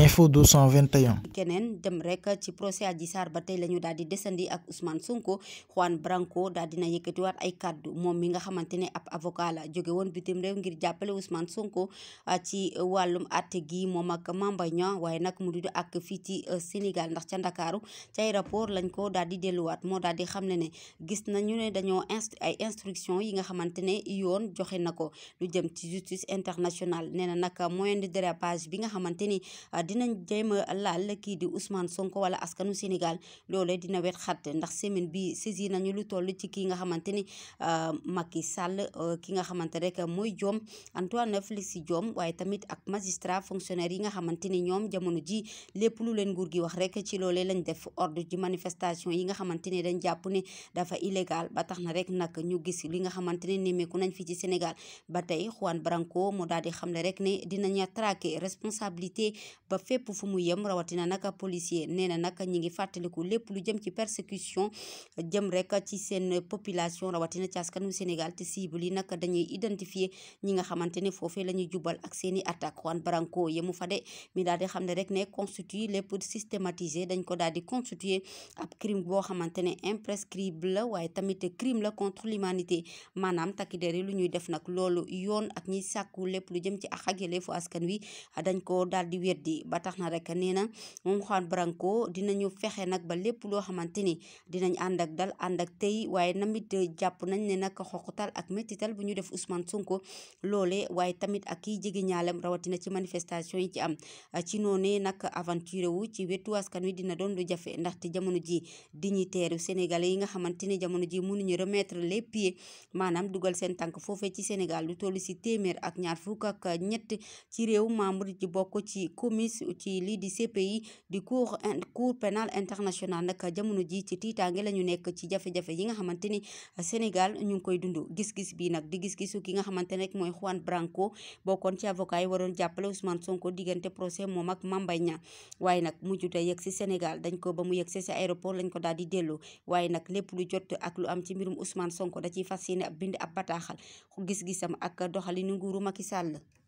info 221. keneen dem rek ci procès Adji Sarr ba tey la ñu daal di desandi ak Ousmane Sonko Juan Branco daal dina yëkkatiwaat ay kàddu moom mi nga xamante ne ab avocat la jóge woon bitim réew ngir jàppale Ousmane Sonko ah, ci wàllum àtte gi moom ak Mambay Niang waaye nag mu dudd ak fii ci ah, Sénégal ndax ca Ndakaaru ci ay rapport lañ ko daal di delluwaat moo daal di xam ne ne gis nañu ne dañoo inst ay instruction yi nga xamante ne yoon joxe na ko lu jëm ci justice internationale nee dinañ jéem a laal kii di Ousmane Sonko wala askanu Sénégal loolee dina wet xat ndax semaine bi saisir nañu lu toll ci ki nga xamante ni euh, Macky Sall euh, ki nga xamante rek mooy Diome Antoine Félix Diome waaye tamit ak magistrat fonctionnaire yi nga xamante ni ñoom jamono ji lépp lu leen nguur gi wax rek ci loolee lañ def ordre ji manifestation yi nga xamante ni dañ jàpp ne dafa illégal ba tax na rek nag ñu gis li nga xamante ne nemmeeku nañ fi ci Sénégal ba tey Juan Branco mu daal di xamle rek ne dinañu traquer responsabilité ba fépp fu mu yem rawatina naka policier nee na nag ñi ngi fàttaliku lépp lu jëm ci persécution jëm rek ci seen population rawatina ci askan askanu Sénégal te cible yi nag dañuy identifier ñi nga xamante ne foofee la ñuy jubal ak seen i attaque Juan Branco yemu fa de mi daal di xam ne rek ne constitué lépp systématisé dañ ko daal di constitué ab crime boo xamante ne imprescriptible la waaye tamit crime la contre l'humanité maanaam yi lu ñuy def nag loolu yoon ak ñiy sàkku lépp lu jëm ci àq ak askan wi yi ba tax na rek nee na moom Juan Branco dinañu fexe nag ba lépp loo xamante ni dinañ ànd ak dal ànd ak tey waaye namit jàpp nañ ne nag xoqutal ak méttital bu ñu def Ousmane sunko loole waaye tamit ak kiy jege ñaalem rawatina ci manifestation yi ci am ci noonee nag aventure wu ci wetu askan wi dina doon lu jafe ndaxte jamono ji dignitaire sénégalais yi nga xamante ne jamono ji mënuñu remettre les pieds maanaam dugal seen tànk foofee ci Sénégal lu toll si téeméer ak ñaar fukk ak ñett ci réew membre ji bokk ci commune ci lii di CPI di cour cour pénal international nag jamono ji ci tiitaange la ñu nekk ci jafe-jafe yi nga xamante ni Sénégal ñu ngi koy dund gis-gis bi nag di gis-gisu ki nga xamante ne rek mooy Juan Branco bokkoon ci avocat yi waroon jàppale Ousmane Sonko diggante procès moom ak Mame Mbaye waaye nag te yegg si Sénégal dañ ko ba mu yegg si si aéroport lañ ko daal di dellu waaye nag lépp lu jot ak lu am ci mbirum Ousmane Sonko da ciy fas yéene ab bind ab bataaxal gis-gisam ak doxalinu nguuru Macky Sall